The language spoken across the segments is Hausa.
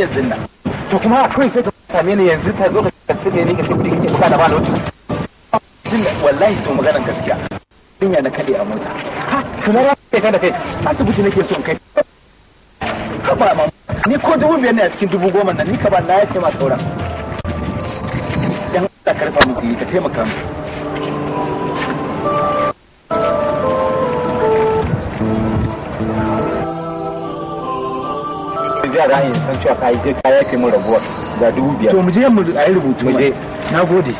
hatsi zinna to kuma akwai sai ta same ni yanzu ta zo ka tsine ne ka ce kike bukata ba lotus wallahi to maganar gaskiya dunya na kade a mota ha kuma ra kai da kai asibiti nake so kai ka ba ma ni ko dubu biyar ne a cikin dubu goma nan ni ka ba na yake ma sauran dan Allah karfa mu ka taimaka mu jihar ra'ayin san cewa ka yi je ka yake mu rabuwar ga dubu biyar to mu je mu a yi rubutu mu je na gode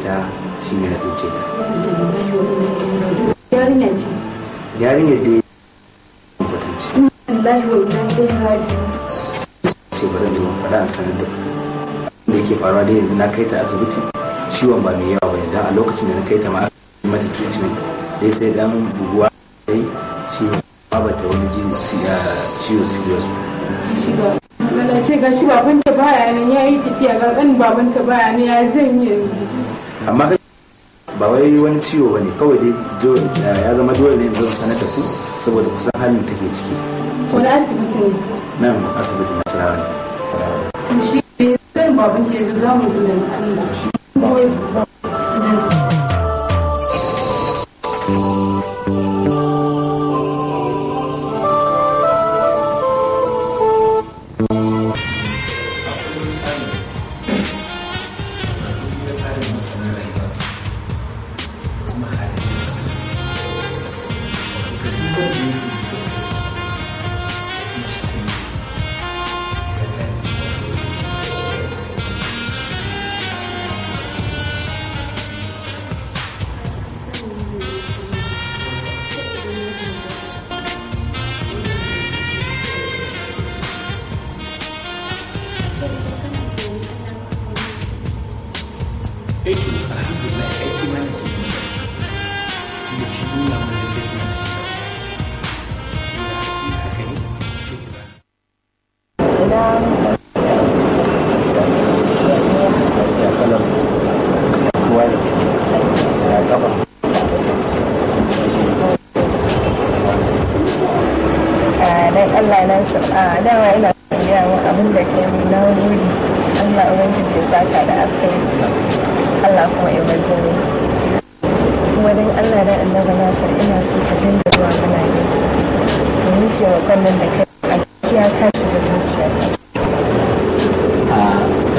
ita shine na tsince ta yarinya ce yarinya dai ce bari da faɗa an sanar da da yake faruwa dai yanzu na kai ta asibiti ciwon ba mai yawa ba dan a lokacin da na kai ta ma mata treatment dai sai dan buguwa dai ciwon ba ba ta wani jin ciwo serious ba ce ga shi babanta baya ne ya yi tafiya ga ɗan babanta baya ne ya zan yanzu amma ba wai wani ciwo ba ne kawai dai eh, ya zama dole ne zama sanar da ku saboda kusan halin take ciki wani asibiti ne nan asibiti na sirari shi ne baban ke za mu zo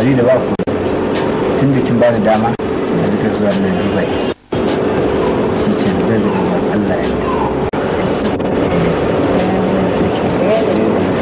sabida ba baku tun bikin ba bada dama na duka zuwa na dubai shi zai da allah ya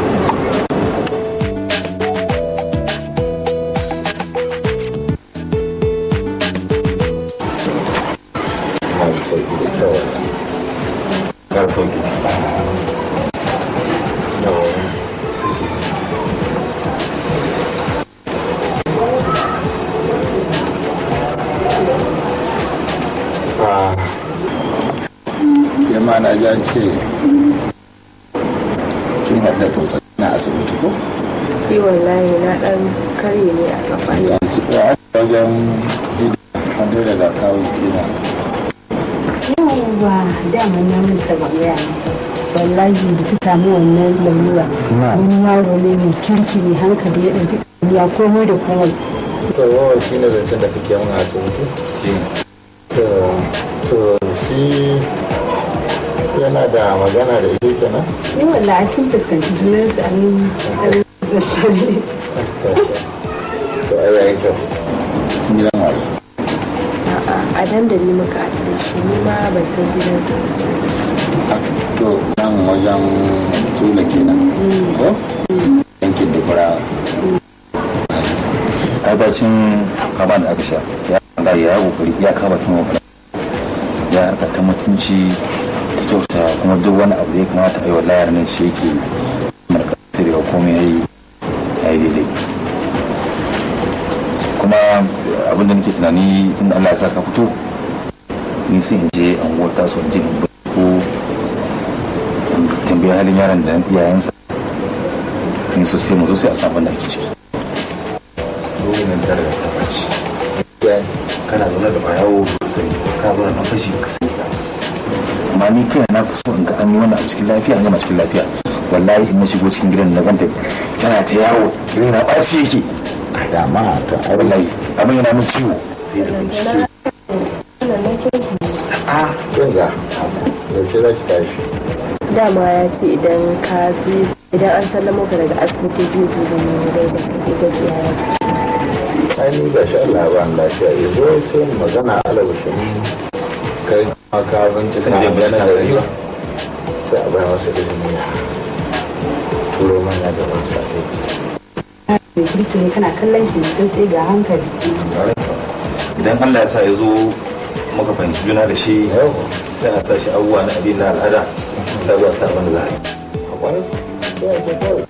ta ga iya wallahi da ta samu wannan lalura wani yaro ne mai kirki mai hankali ya ɗauki ya komai da komai to wawa shi ne zancen da kake yawan asibiti to shi yana da magana da ita kenan ni wallahi sun fuskanci junansu a nan to ai ai kyau a dandali muka haɗu da shi ni ma ban san gidansa to nan wajen tsula kenan ko yankin da furawa ai bacin kama da aka sha ya ga ya kokari ya kama tun wakari ya harka ta mutunci ta kyauta kuma duk wani abu da ya kamata a yi wa layar nan shi yake markasirewa komai ya yi kuma abin da nake tunani tun da Allah ya sa ka fito ni sai in je an wata so je in ko in tambayi halin yaran da iyayensa ni so sai mu zo sai a samu da ake ciki daga kana zaune da bayawo sai ka zaune da fashi ka sai amma ni kai na so in ga an yi wannan a cikin lafiya an gama cikin lafiya wallahi in na shigo cikin gidan na ganta tana ta yawo ina ɓaci yake dama ta ai wallahi abin yana min ciwo sai da bincike a kinga yaushe za ki tashi dama ya ce idan ka je idan an sallamo ka daga asibiti zai zo da mu gai da kai gaji ya yi ai ni ga sha Allah ba an lafiya ya zo sai magana alabashin kai ma ka bincika a gana rayuwa sai a bai wasu izini ya turo mana da wasa mai kirki ne kana kallon shi mai tsaye ga hankali idan Allah ya sa ya zo muka fahimci juna da shi sai na sa shi abubuwa na addini na al'ada da zuwa sa abin da za a yi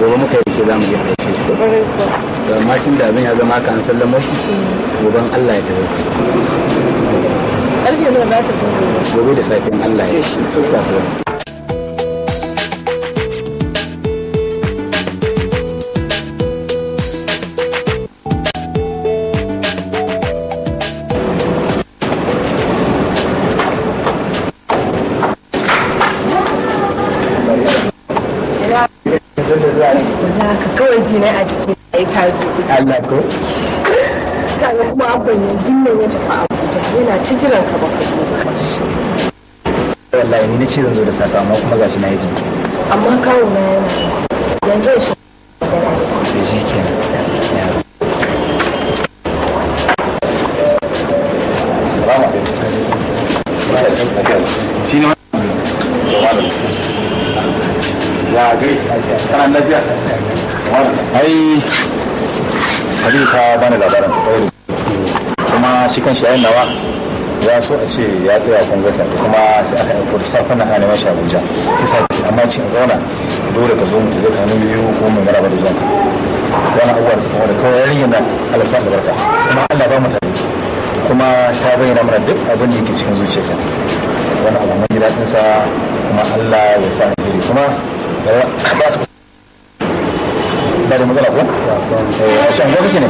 gobe muka yi ce za mu je a gaishe shi da macin da abin ya zama haka an sallama shi goben Allah ya tabbata karfe nawa za ta gobe da safin Allah ya shi sassafe tazi Allah ko kaga kuma abban yanzu nan ya tafi Abuja yana ta jiran ka baka zo ba wallahi ni ce zan zo da safa amma kuma gashi na yi jinki amma kawo na yana yanzu shi shi kenan ai Aliyu ta bani labarin kuma shi kan shi ayin nawa ya so a ce ya tsaya da kuma sai aka yi da safen na hana mashi abuja kisa amma cin zauna dole ka zo mu zai kanu biyu ko mai maraba da zuwanka wani abubuwa da suka da kawai yarinya yana alasa albarka kuma allah ba mu tare kuma ta bayyana mana duk abin da yake cikin zuciyarka wani abu mai daɗin kuma allah ya sa a kuma ba su ba da matsala ko eh shan gobe kike ne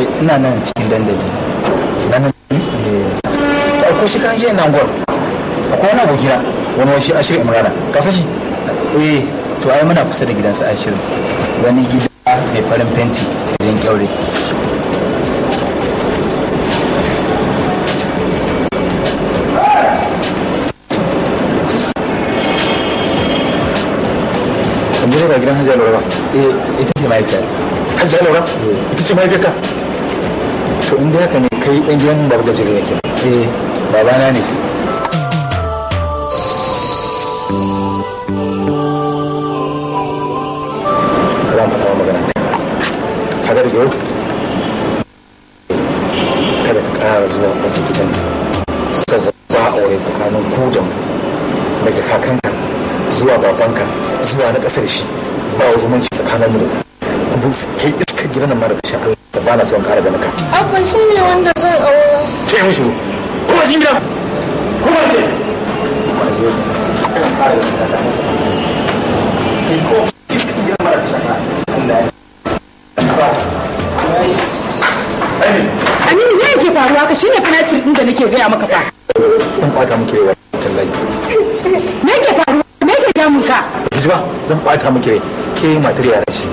eh, ina nan cikin dandali nan eh ko shi kan je nan gor akwai wani abokina wani wani shi ashirin imrana ka san shi eh to ai muna kusa da gidansa ashirin wani gida mai farin fenti zan kyaure kana eh, ita ce mahaifiyar eh. ita ce to inda haka ne kai dan gidan babu gajere yake eh. ne ka kara zuwa tsakanin ku kakanka zuwa babanka zuwa na kasar shi ba wa zumunci tsakanin mu kuma kai iska gidan nan mara kashin Allah da ba na son kare da naka abba shi ne wanda zan aure ta yi mushi kuma shi gidan kuma ce ko iska gidan mara ya yake faruwa ka shine penalty din da nake gaya maka fa. Sun kwata muke wa tallahi. Me yake shi ba zan bata miki rai ke matar yara shi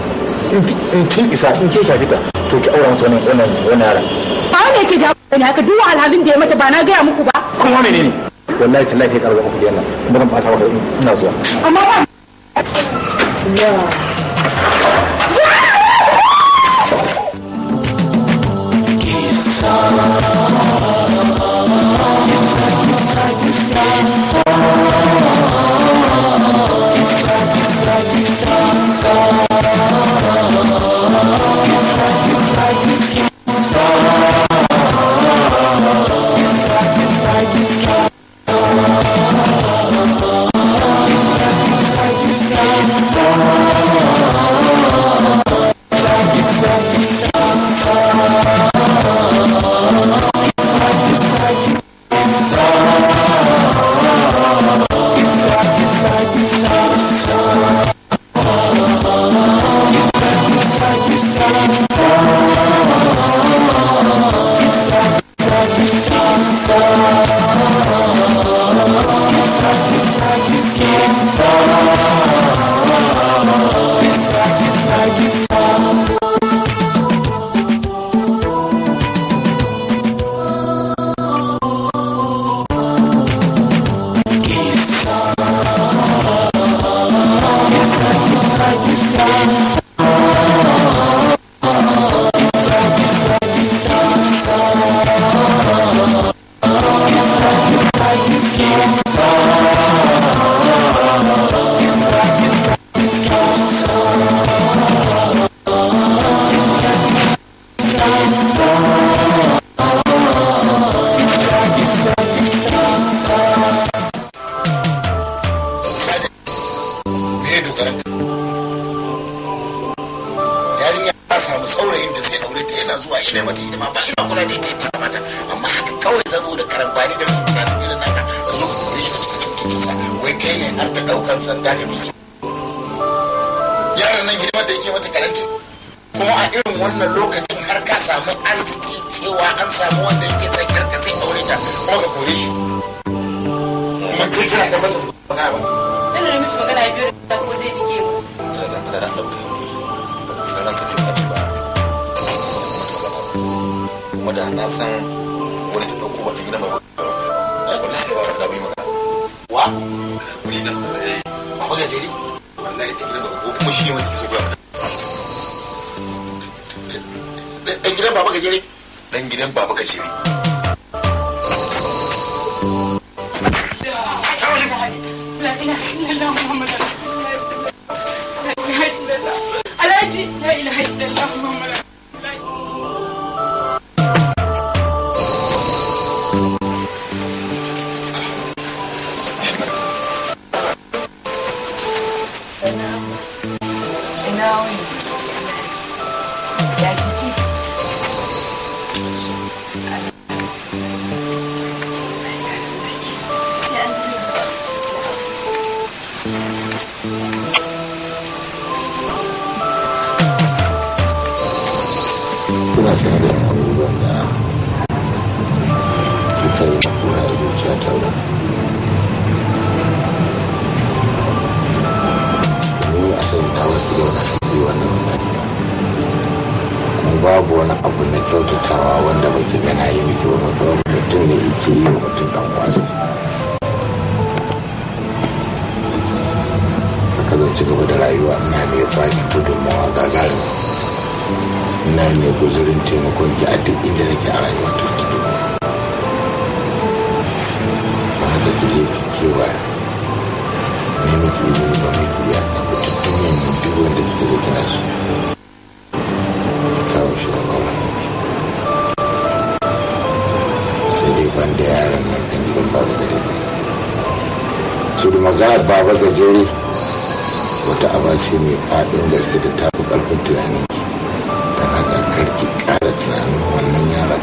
in kin isa in ke ka fita to ki aura masa wannan wannan wannan yara ba wani yake da ne haka duk alhalin da ya mata ba na gaya muku ba ko wani ne ne wallahi tallahi ya karza muku da yana kuma zan bata maka ina zuwa amma ba ya karambani da tunanin irin naka ka zo ka a cikin cutar wai kai ne har da daukan sanda ga miki yaran nan hidimar da yake mata karanci kuma a irin wannan lokacin har ka samu arziki cewa an samu wanda yake zai aure ta kuma ka kore shi kuma kai kira ka masa magana ba sai da mishi magana ya da ko zai bige mu sai da Allah ran dauke ba wani ta dauko wata gina mai ai wallahi ba ta bai magana wa kuli dan Allah eh, yayi ba ba gajeri wallahi ta gina mai ko kuma shi wani so ba dan gidan baba gajeri dan gidan baba gajeri Alhaji, la ilaha illallah. ke yi wa mutum dan kwasa haka zan ci gaba da rayuwa ina mai bani gudunmawa gagarin ina mai guzurin taimakon ki a duk inda nake a rayuwa ta ki duniya don haka ki je ki kewaya ne miki izini ba miki iyaka mutum duniyan wanda kika ga kina saboda magana baba gajere wata abace mai faɗin gaske da ta fi ƙarfin tunanin ki don haka karki ƙara tunanin wannan yara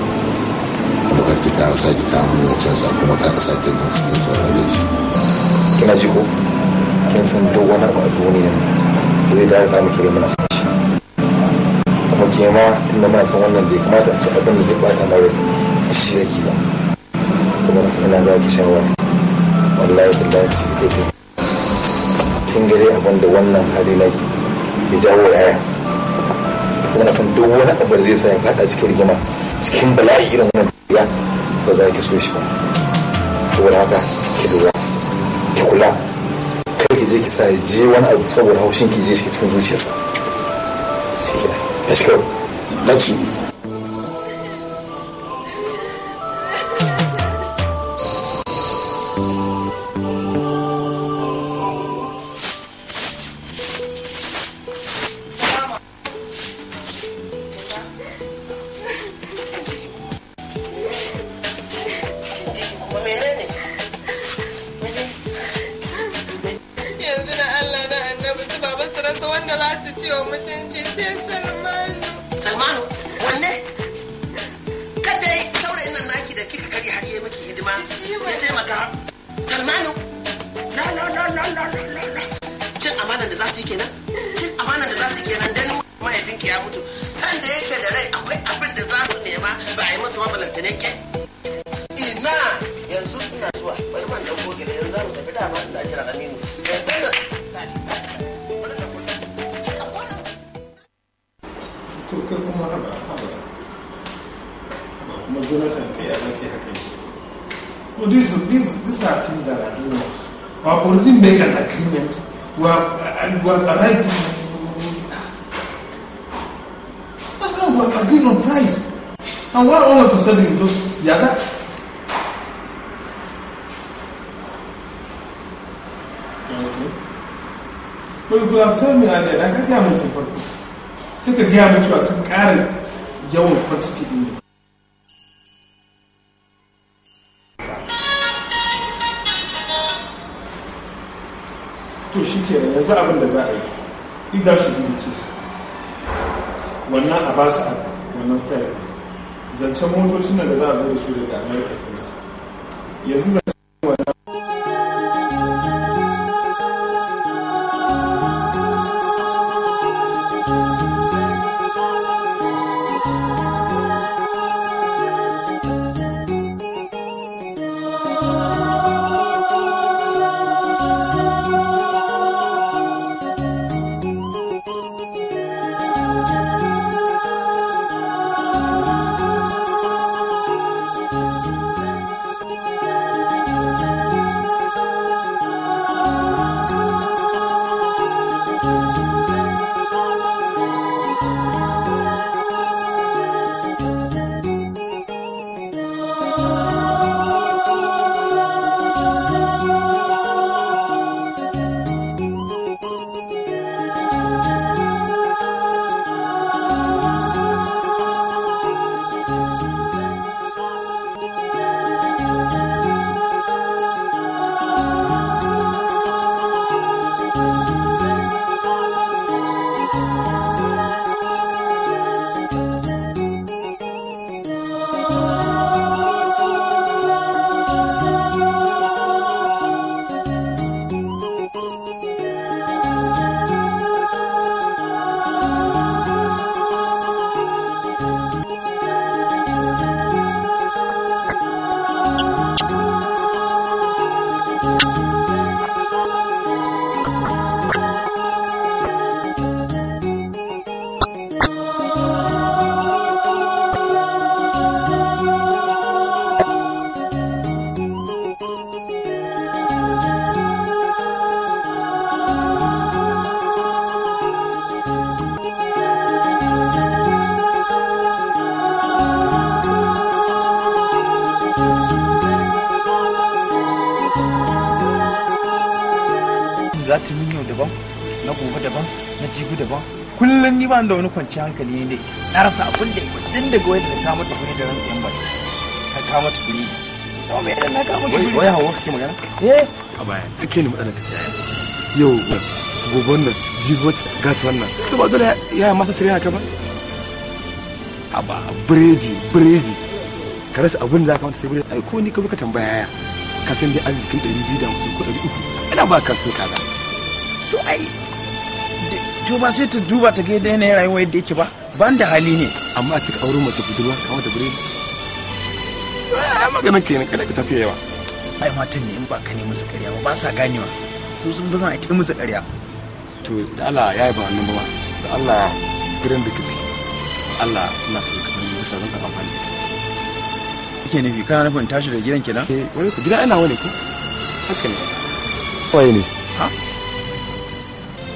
kuma karki kawo sake kamun yancin sa kuma ƙara sake jin sauran da shi kina ji ko kin san duk wani abu a duniya da zai dawo samu kire mana sa shi kuma ke ma tun da muna san wannan bai kamata a ce abin da zai bata mara shi yake ba saboda ina ga ki shawara wallahi billahi ki da ke kin gare abin da wannan hali naki ya jawo yaya kuma na san duk wani abu da zai sa ya fada cikin rigima cikin bala'i irin wannan ya ba za ki so shi ba saboda haka ki lura ki kula kar ki je ki sa ya je wani abu saboda haushin ki je shi cikin zuciyarsa shi kenan ya shi kawai menene yanzu na Allah na annabi su baba su rasa wanda za su ce wa mutunci sai Salmanu Salmanu wanne kada yi saurayin nan naki da kika kari har yi miki hidima ya taimaka Salmanu la la la la la la la cin amana da za su yi kenan cin amana da za su yi kenan ganin mahaifinki ya mutu san sanda yake da rai akwai abin da za su nema ba a yi musu mabalanta ne kenan these, these, these are things that are we have already made an agreement we have, we have arrived we have agreed on price and why all of a sudden you just yeah that but you could have told me earlier gaya mun farko sai ka gaya mun cewa sun ƙara yawan quantity din ne to shi ke da yanzu abin da za a yi Idan that should ke the wannan a ba su a wannan kwaya zancen motocin da za a zo da su daga america yanzu zatumin yau daban na gobe daban na jibi daban kullum ni ba da wani kwanci hankali ne na rasa abin da ita din daga wayar da ta mata kuri da ransa yan baki ta ka mata kuri to me da na ka mata kuɗi wai hawa kake magana eh a baya kake ni magana ta yau gobe nan jibi ga gata wannan to ba dole ya ya mata sirri haka ba aba bredi bredi ka rasa abin da za ka mata sai biredi ai ko ni ka buka tambaya ya ka san dai arzikin 250 ko 300 ina ba ka so kaza to ai to ba sai ta duba ta ga yanayin rayuwa yadda yake ba ban da hali ne amma a cika auren mata budurwa ah, kamar da bure maganar kenan kada ka tafi yawa ai matan ne in ba ka ne musu karya ba ba sa ganewa ko sun bazan a ta musu ƙarya to da Allah ya yi ba wannan ba da Allah girin da kici Allah ina so ka yi musu zan ka amfani da ne bi kana nufin tashi da gidan kenan eh wani gidan ina wani ko haka ne wai ne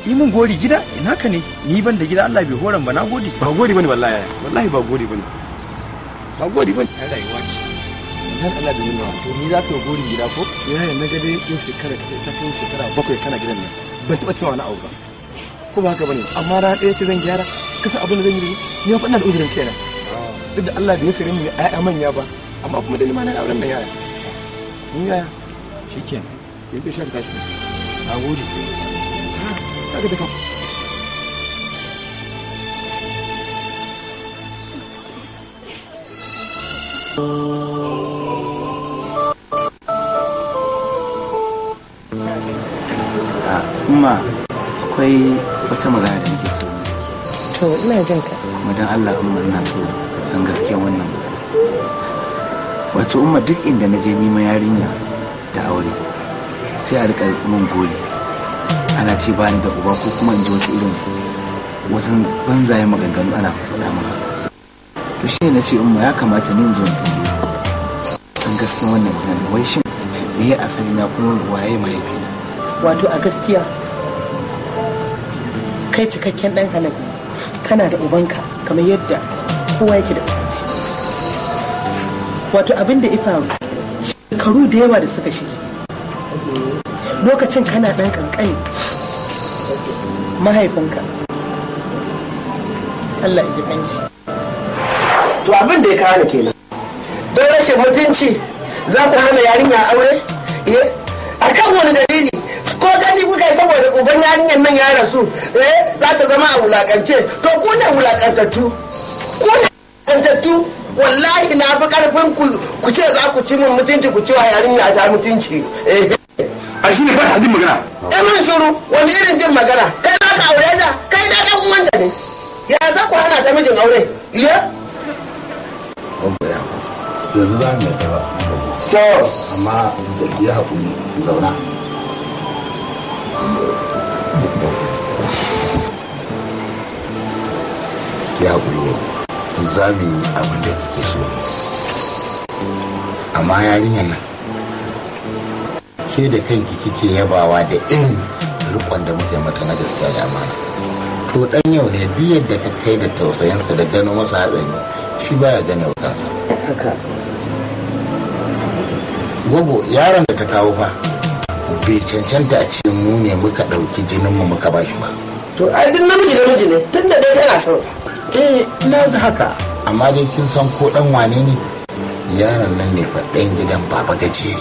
yi mun gori gida ina ka ne ni ban da gida Allah bai horan ba na gode ba gode bane wallahi wallahi ba gode bane ba gode bane ta rayuwa ce nan Allah da nuna to ni za ka gori gida ko yayin na gade yau shekara ta kai shekara bakwai kana gidan nan ban taba cewa na abu ba ko ba haka bane amma ra ɗaya ce zan gyara kasa abin da zan yi ne ni fa ina da uzurin kaina duk da Allah bai yi sirrin ya'ya manya ba amma kuma da limanin auren nan yaya ni yaya shikenan yanzu shan tashi na gode ke aka umma akwai wata magana da nake so to ina jin ka kuma don Allah umma ina so san gaskiya wannan magana wato umma duk inda na je neman yarinya da aure sai a rika mun goli ana ce bani da uba ko kuma in ji wasu irin wasu banzayen maganganu ana faɗa maka. haka to shi na ce umma ya kamata ni zo tambaye san gaskiya wannan magana wai shin me ya asali na kuma waye mahaifina wato a gaskiya kai cikakken dan halal kana da ubanka kamar yadda kowa yake da wato abin da ifa shekaru da yawa da suka shi lokacin kana dan kankani mahaifinka Allah ya ji kanshi to abin da ya kawo kenan don rashin mutunci za ku hana yarinya aure eh, a kan wani dalili ko gani kuka yi saboda uban yarinyar nan ya rasu eh za ta zama a wulakance to ku ne wulakantattu ku ne wulakantattu wallahi na fi karfin ku ce za ku ci min mutunci ku ce wa yarinya ta mutunci eh. a shi ne jin magana ɗan eh, wani irin jin magana kai na ka aure da kai na ɗan ne ya za ku hana ta mijin aure iya yanzu za mu ba ya yi abin da kike so amma yarinyar nan ke da kanki kike yabawa da irin rikon da muke mata na gaskiya da amana to dan yau ne biyar da ka kai da tausayinsa da gano masa hatsari shi baya gane wa kansa gobo yaron da ta kawo fa bai cancanta a cikin mu ne muka ɗauki jinin mu muka bashi ba to ai duk namiji miji ne tun da dai kana son sa eh na ji haka amma dai kin san ko dan wane ne yaron nan ne fa dan gidan baba gajeri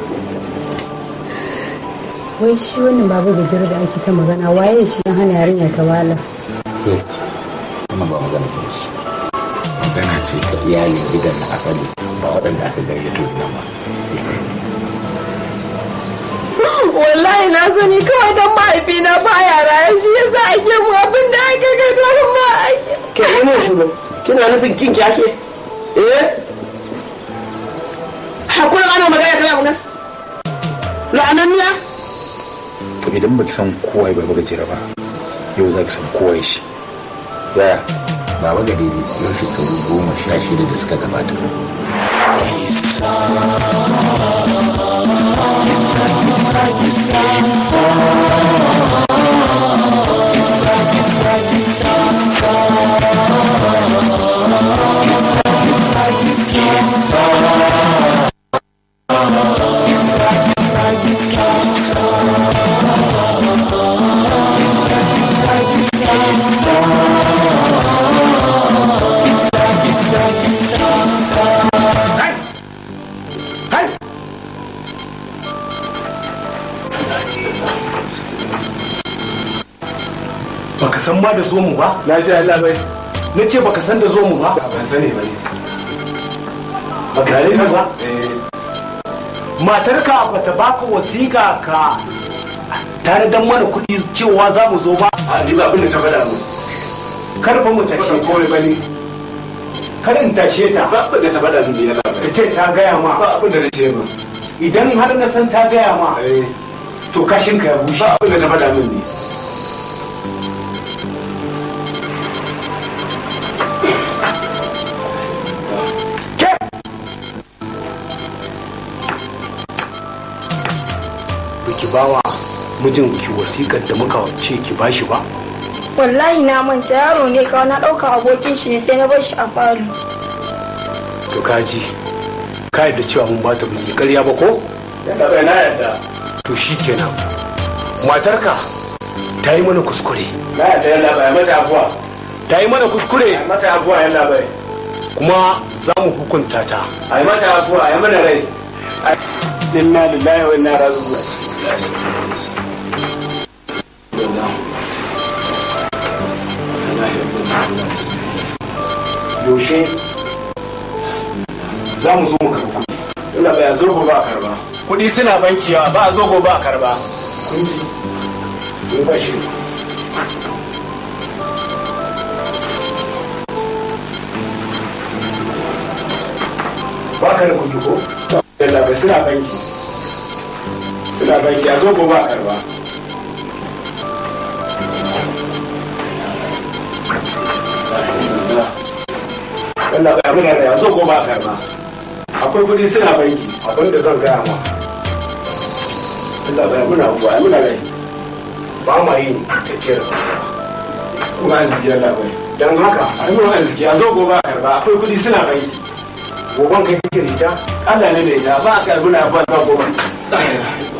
wai shi wannan babu da da ake ta magana waye shi don hana yarinya ta wala to kuma ba magana ta shi magana ce ta iyalin gidan na asali ba waɗanda aka gari ya gidan ba hmm, wallahi na sani kawai don mahaifina ya raya shi ya sa ake mu abin da aka ga don ma ake ke ne shi ba kina nufin kin ake eh hakuri ana magana kana magana la'ananniya idan baki san kowa ba baka jira ba yau za ki san kowa shi yaya baba ga daidai yau shekaru goma sha shida da suka gabata da zo mu ba na ji Allah bai na ce baka san da zo mu ba ban sani ba baka sani ba eh. matarka ba ta baka wasiƙa ka tare da mana kuɗi cewa za mu zo ba a ni ba abin da ta faɗa mu kar fa mu tashi ko ba ne kar in tashe ta ba abin da ta faɗa mu ne ba. ta ce ta gaya ma ba abin da ta ce ma idan har na san ta gaya ma eh. to kashin ka ya bushe ba abin da ta faɗa mu ne mijinki wasikar da muka ce ki bashi ba wallahi na manta yaro ne kawai na ɗauka abokin shi sai na bashi a falo to kaji ka yadda cewa mun bata mun yi ƙarya ba ko na yadda to shi kenan matarka ta yi mana kuskure na yadda yadda bai mata abuwa ta yi mana kuskure mata abuwa yadda bai kuma za mu hukunta ta a yi mata abuwa a mana rai inna lillahi wa inna ilaihi raji'un That's the And za mu zo mu karɓi kuɗi. Ina ba karba. Kuɗi suna ba ba karba. ba ka da kuɗi ko? bai suna banki. ta baki a zo ko ba karba wallah bai abin da ya zo ko ba karba akwai kudi suna banki akwai da zan gaya ma Allah bai muna kuwa muna rai ba ma yin tafiyar kuma arziki Allah bai dan haka ai mun arziki a zo ko ba karba akwai kudi suna banki gobon kai kike rita Allah ne mai da ba ka guna ba gobe